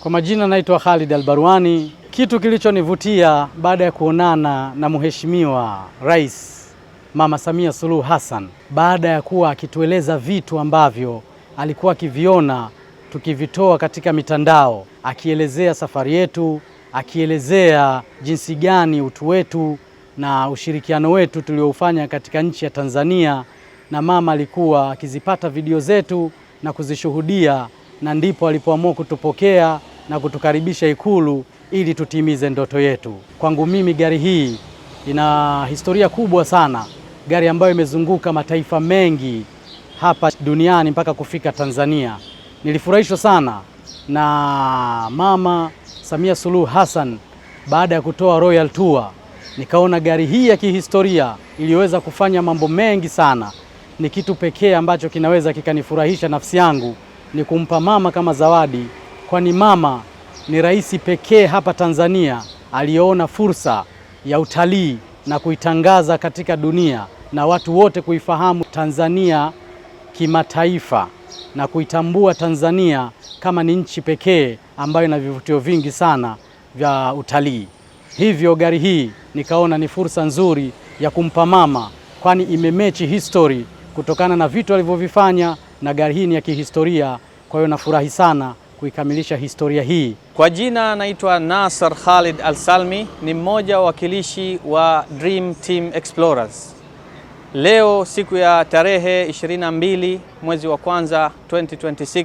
Kwa majina naitwa Khalid Albarwani. Kitu kilichonivutia baada ya kuonana na Mheshimiwa Rais Mama Samia Suluhu Hassan, baada ya kuwa akitueleza vitu ambavyo alikuwa akiviona tukivitoa katika mitandao, akielezea safari yetu, akielezea jinsi gani utu wetu na ushirikiano wetu tulioufanya katika nchi ya Tanzania, na mama alikuwa akizipata video zetu na kuzishuhudia, na ndipo alipoamua kutupokea na kutukaribisha Ikulu ili tutimize ndoto yetu. Kwangu mimi gari hii ina historia kubwa sana, gari ambayo imezunguka mataifa mengi hapa duniani mpaka kufika Tanzania. Nilifurahishwa sana na Mama Samia Suluhu Hassan baada ya kutoa Royal Tour, nikaona gari hii ya kihistoria iliyoweza kufanya mambo mengi sana. Ni kitu pekee ambacho kinaweza kikanifurahisha nafsi yangu, ni kumpa mama kama zawadi kwani mama ni rais pekee hapa Tanzania aliyeona fursa ya utalii na kuitangaza katika dunia na watu wote kuifahamu Tanzania kimataifa na kuitambua Tanzania kama ni nchi pekee ambayo ina vivutio vingi sana vya utalii. Hivyo gari hii nikaona ni fursa nzuri ya kumpa mama, kwani imemechi history kutokana na vitu alivyovifanya, na gari hii ni ya kihistoria. Kwa hiyo nafurahi sana kuikamilisha historia hii. Kwa jina naitwa Nasser Khalid Al-Salmi, ni mmoja wa wakilishi wa Dream Team Explorers. Leo siku ya tarehe 22 mwezi wa kwanza 2026,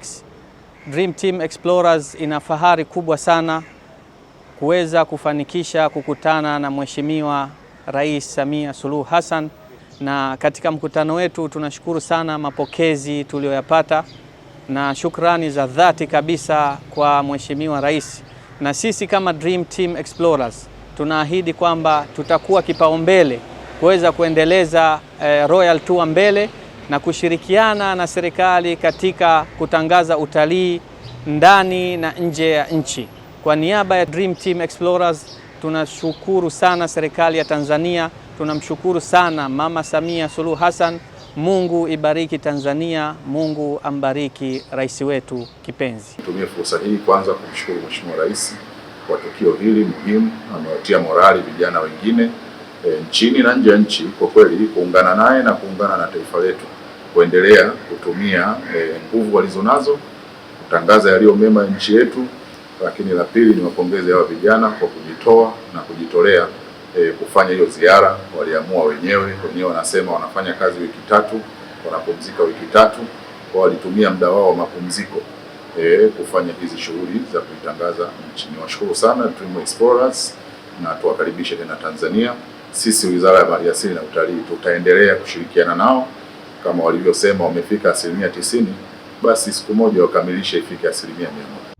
Dream Team Explorers ina fahari kubwa sana kuweza kufanikisha kukutana na Mheshimiwa Rais Samia Suluhu Hassan, na katika mkutano wetu tunashukuru sana mapokezi tuliyoyapata na shukrani za dhati kabisa kwa Mheshimiwa Rais, na sisi kama Dream Team Explorers tunaahidi kwamba tutakuwa kipaumbele kuweza kuendeleza eh, Royal Tour mbele na kushirikiana na serikali katika kutangaza utalii ndani na nje ya nchi. Kwa niaba ya Dream Team Explorers tunashukuru sana serikali ya Tanzania, tunamshukuru sana Mama Samia Suluhu Hassan Mungu ibariki Tanzania, Mungu ambariki rais wetu kipenzi. Nitumie fursa hii kwanza kumshukuru Mheshimiwa Rais kwa tukio hili muhimu, amewatia morali vijana wengine e, nchini na nje ya nchi, kwa kweli kuungana naye na kuungana na taifa letu kuendelea kutumia e, nguvu e, walizonazo kutangaza yaliyo mema ya nchi yetu. Lakini la pili, ni niwapongeze hawa vijana kwa kujitoa na kujitolea e, kufanya hiyo ziara. Waliamua wenyewe, wenyewe wanasema wanafanya kazi wiki tatu wanapumzika wiki tatu, kwa walitumia muda wao wa mapumziko e, kufanya hizi shughuli za kuitangaza nchi. Niwashukuru sana Dream Explorers na tuwakaribishe tena Tanzania. Sisi Wizara ya Maliasili na Utalii tutaendelea kushirikiana nao kama walivyosema, wamefika asilimia tisini, basi siku moja wakamilishe ifike asilimia mia moja.